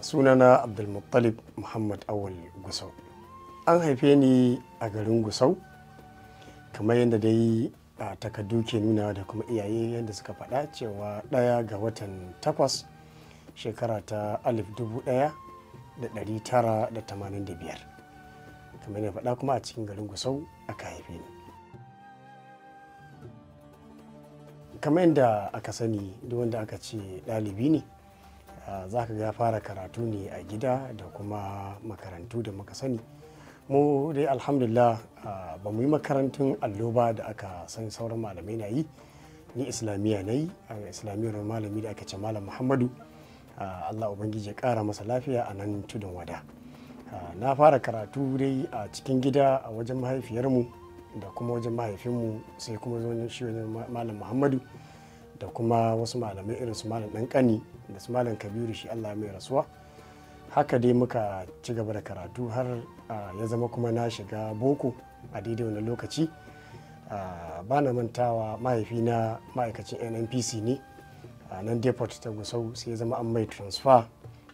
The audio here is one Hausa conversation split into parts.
sunana abdulmuttalib muhammad awal gusau an haife ni a garin gusau kamar yadda dai a takardu ke nuna da kuma iyaye yadda suka faɗa cewa ɗaya ga watan takwas shekara ta alif dubu ɗaya da ɗari tara da tamanin da biyar kamar yadda faɗa kuma a cikin garin gusau aka haife ni kamar yadda aka sani duk wanda aka ce ɗalibi ne za ka ga fara karatu ne a gida da kuma makarantu da muka sani mu dai alhamdulillah ba mu yi makarantun allo ba da aka san sauran malamai na yi ni islamiyya na yi a islamiyyar malami da aka ce malam muhammadu allah ubangiji ya kara masa lafiya a nan tudun wada na fara karatu dai a cikin gida a wajen mahaifiyarmu da kuma wajen mahaifinmu sai kuma zo shi wajen malam muhammadu da kuma wasu malamai irin su malam ɗanƙani da su malam kabiru shi allah mai rasuwa haka dai muka ci gaba da karatu har ya zama kuma na shiga boko a daidai wani lokaci ba na mantawa na ma'aikacin nnpc ne a nan depot ta gusau sai ya zama an mai transfer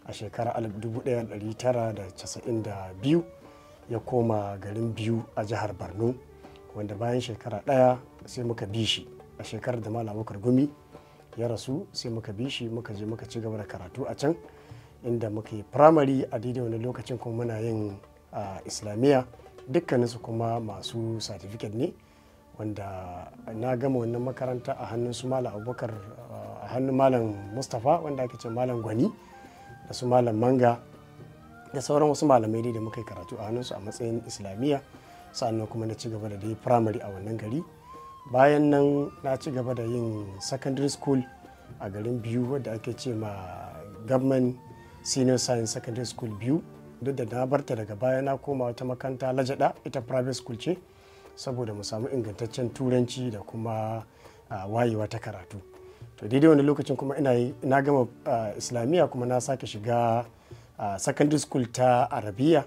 a shekarar 1992 ya koma garin biyu a jihar borno wanda bayan shekara ɗaya sai muka bi shi a shekarar da malam bakar gumi ya rasu sai muka bi shi muka je muka ci gaba da karatu a can inda muka yi firamare a daidai wani lokacin kuma muna yin islamiyya dukkaninsu kuma masu satifiket ne wanda na gama wannan makaranta a hannun su malam abubakar a hannun malam mustapha wanda ake ce malam gwani da su malam manga da sauran wasu malamai dai da muka yi karatu a hannunsu a matsayin islamiyya sa'annan kuma na ci gaba da dai firamare a wannan gari bayan nan na ci gaba da yin secondary school a garin biyu wadda ake ce ma government senior science secondary school biyu duk da na barta daga baya na koma wata makanta lajada ita private school ce saboda mu samu ingantaccen turanci da kuma wayewa ta karatu to daidai wani lokacin kuma ina na gama islamiyya kuma na sake shiga secondary school ta arabiya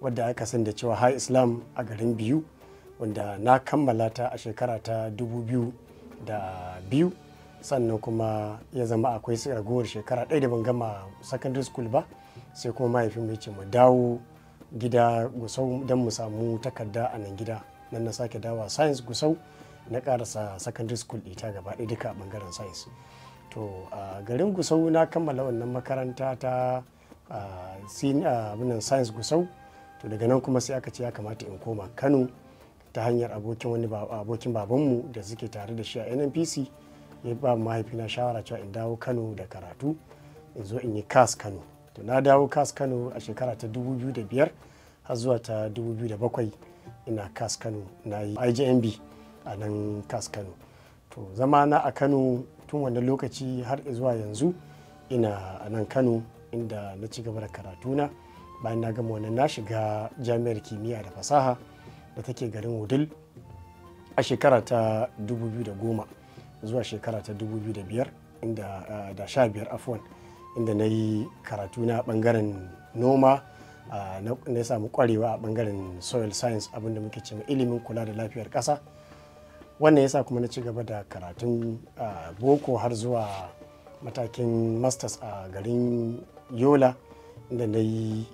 wadda aka san da cewa high islam a garin biyu wanda na kammala ta a shekara ta da biyu sannan kuma ya zama akwai ragowar shekara ɗaya da ban gama secondary school ba sai kuma mahaifin mai ce mu dawo gida gusau don mu samu takarda a nan gida nan na sake dawa science gusau na karasa secondary school ita gaba ɗaya duka a bangaren science to a garin gusau na kammala wannan makaranta ta science gusau to daga nan kuma sai aka ce ya kamata in koma kano ta hanyar abokin wani abokin babanmu da suke tare da shi a nnpc ya ba mahaifina shawara cewa in dawo kano da karatu in zo in yi kas kano to na dawo kas kano a shekara ta 2005 har zuwa ta 2007 ina kas kano na yi ijmb a nan kas kano to zama na a kano tun wannan lokaci har zuwa yanzu ina a nan kano inda na ci gaba da karatuna bayan na gama wannan na shiga jami'ar kimiyya da fasaha da take garin wudil a shekara ta 2010 zuwa shekara ta 2005 inda ah, da sha biyar afon inda na yi karatu na bangaren noma ah, na samu kwarewa a bangaren soil science abinda muke cewa ilimin kula da lafiyar ƙasa wannan yasa kuma na ci gaba da karatun ah, boko har zuwa matakin masters a garin yola inda na yi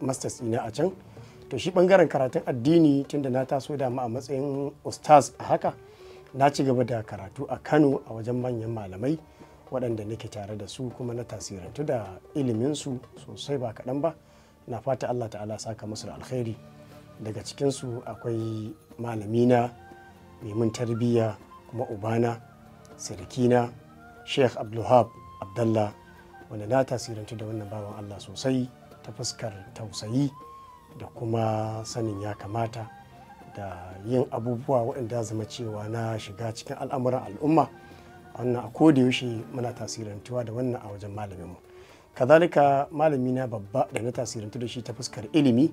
masters ina a can to shi bangaren karatun addini tunda na taso da a matsayin ustaz a haka na ci gaba da karatu a kano a wajen manyan malamai waɗanda nake tare da su kuma na tasirantu da iliminsu sosai ba kaɗan ba na fata allah ta'ala saka musu da alkhairi daga cikinsu akwai malamina mun tarbiyya kuma ubana sirikina sheikh abdulhab abdallah wanda na tasirantu da wannan bawan allah sosai ta fuskar tausayi da kuma sanin ya kamata da yin abubuwa waɗanda zama cewa na shiga cikin al'amuran al'umma wannan a yaushe muna tasirantuwa da wannan a wajen malaminmu kazalika malami na babba da na tasirantu da shi ta fuskar ilimi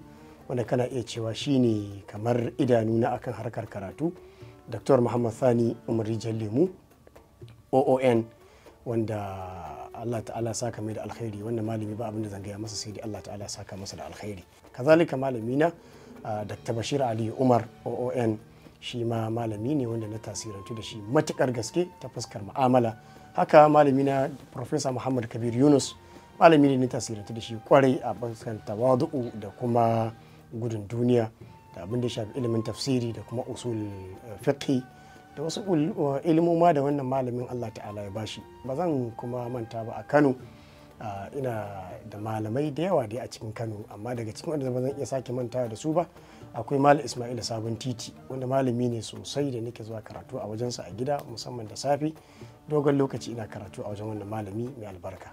wanda kana iya cewa shine kamar idanu na akan harkar karatu dr muhammad sani umar lemu oon wanda Allah ta'ala saka mai da alkhairi wanda malami ba abin da gaya masa sai dai Allah ta'ala saka masa da alkhairi kazalika malami na Dr. Bashir Ali Umar OON shi ma malami ne wanda na tasirantu da shi matukar gaske ta fuskar ma'amala. haka malami na Professor Muhammad Kabir Yunus malami ne na tasirantu da shi kwarai a fuskar tawadu'u da kuma gudun duniya da abinda da shafi ilimin tafsiri da kuma usul eh, fiqh da wasu ilimoma da wannan malamin Allah ta'ala ya bashi ba zan kuma manta ba a Kano ina da malamai da yawa dai a cikin Kano amma daga cikin wanda ba zan iya sake manta da su ba akwai Malam Ismail Sabon Titi wanda malami ne sosai da nake zuwa karatu a wajensa a gida musamman da safe dogon lokaci ina karatu a wajen wannan malami mai albarka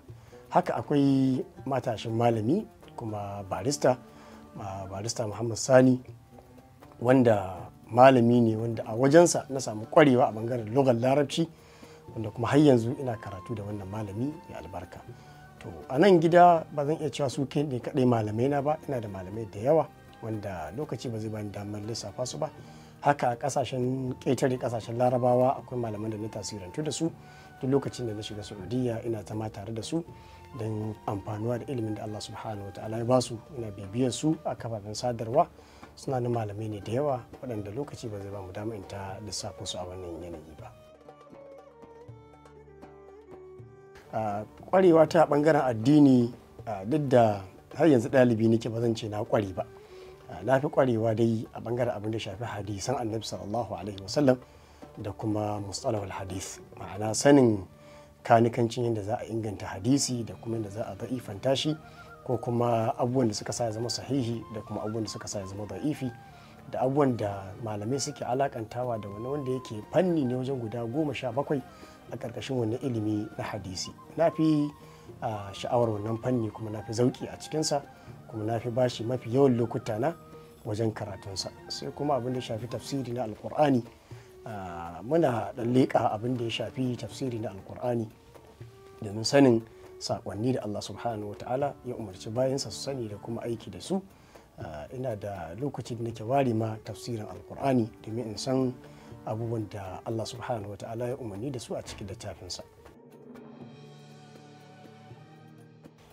haka akwai matashin malami kuma barista barista Muhammad Sani wanda malami ne wanda a wajensa na samu kwarewa a bangaren lugar larabci wanda kuma har yanzu ina karatu da wannan malami ya albarka to a nan gida ba zan iya cewa su ke ne kaɗai malamai na ba ina da malamai da yawa wanda lokaci ba zai bani damar lissafa su ba haka a kasashen ƙetare kasashen larabawa akwai malaman da na tasirantu da su duk lokacin da na shiga saudiya ina zama tare da su don amfanuwa da ilimin da allah subhanahu wa ta'ala ya basu ina bibiyar su a kafafen sadarwa suna da malamai ne da yawa waɗanda lokaci ba zai ba mu dama in ta lissafo su a wannan yanayi ba Ƙwarewa ta ɓangaren addini duk da har yanzu ɗalibi nake ba zan ce na ƙware ba na fi ƙwarewa dai a bangaren abin da shafi hadisan annabi sallallahu alaihi wasallam da kuma mustalahul hadis ma'ana sanin kanikancin yadda za a inganta hadisi da kuma yadda za a da'ifanta shi ko kuma abubuwan da suka sa ya zama sahihi da kuma abubuwan da suka sa ya zama da'ifi da abubuwan da malamai suke alakantawa da wani wanda yake fanni ne wajen guda goma sha bakwai a ƙarƙashin wani ilimi na hadisi na fi sha'awar wannan fanni kuma na fi zauki a cikinsa kuma na fi bashi mafi yawan lokuta na wajen karatunsa sai kuma abin da ya shafi tafsiri na alkur'ani muna ɗan leƙa abin da ya shafi tafsiri na alkur'ani domin sanin sakonni da Allah subhanahu wa ta'ala ya umarci bayansa su sani da kuma aiki da su ah, ina da lokaci da nake ware ma tafsirin alkur'ani domin in san abubuwan da Allah subhanahu wa ta'ala ya umarni da su a cikin littafinsa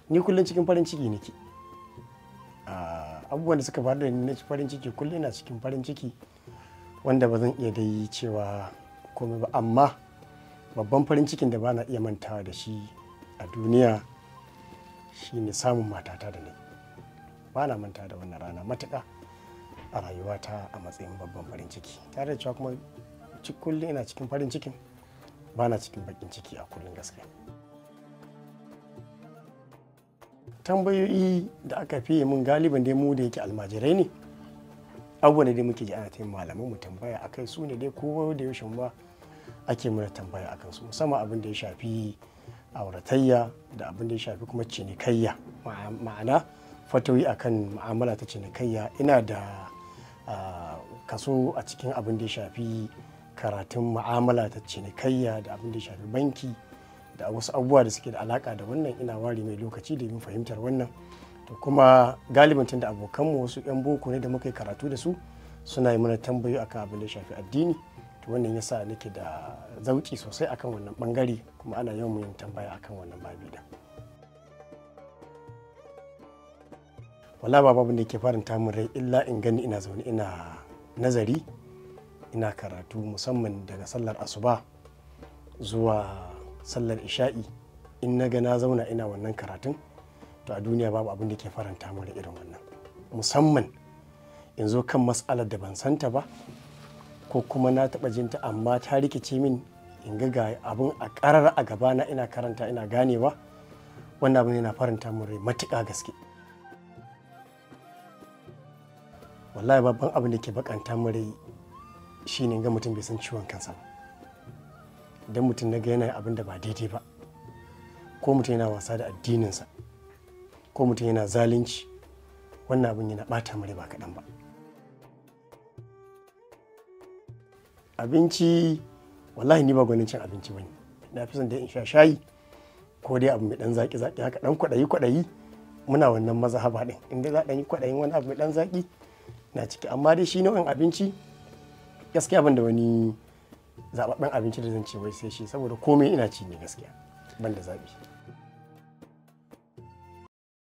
ni kullum cikin farin ciki nake ah, abubuwan da suka faru da ni na farin ciki kullum ina cikin farin ciki wanda ba zan iya dai cewa komai ba amma babban farin cikin da ba na iya mantawa da shi a duniya shine samun matata da ni ba na manta da wannan rana matuƙa a rayuwata a matsayin babban farin ciki tare da cewa kuma kullum ina cikin farin cikin ba na cikin bakin ciki a kullum gaske tambayoyi da aka fiye mun galiban dai mu da yake almajirai ne abubuwan da dai muke ji ana taimaka malamai mu tambaya akai su ne dai kowa da yaushe ba ake mana tambaya akan su musamman abin da ya shafi auratayya da abin da ya shafi kuma cinikayya ma'ana fatawi akan ma'amala ta cinikayya ina da kaso a cikin abin da ya shafi karatun ma'amala ta cinikayya da abin da ya shafi banki da wasu abubuwa da suke da alaka da wannan ina ware mai lokaci da yin fahimtar wannan to kuma galibin tun da abokanmu wasu 'yan boko ne da muka yi karatu da su suna yi mana tambayoyi akan abin da ya shafi addini wannan yasa nake da zauki sosai akan wannan bangare kuma ana yawan yin tambaya akan wannan babi da wala babu da ke faranta min rai illa in gani ina zaune ina nazari ina karatu musamman daga sallar asuba zuwa sallar isha'i in na ga na zauna ina wannan karatun to a duniya babu abin da ke faranta min rai irin wannan musamman in zo kan matsalar da ban santa ba ko kuma na taɓa jinta amma ta rikice min in ga ga abin a ƙarar a gabana ina karanta ina ganewa wannan abin yana faranta mun rai matuƙa gaske wallahi babban abin da ke bakanta mu rai shine ga mutum bai san ciwon kansa ba idan mutum na ga yana abin da ba daidai ba ko mutum yana wasa da addininsa ko mutum yana zalunci wannan abin yana mu rai ba kaɗan ba. abinci wallahi ni ba gwanin cin abinci bane na fi son da in sha shayi ko dai abu mai dan zaki zaki haka dan kwadayi kwadayi muna wannan mazhaba din inda za dan yi kwadayin wani abu mai dan zaki na ciki amma dai shi nau'in abinci gaskiya ban da wani zababben abinci da zan ce wai sai shi saboda komai ina ci ne gaskiya ban da zabi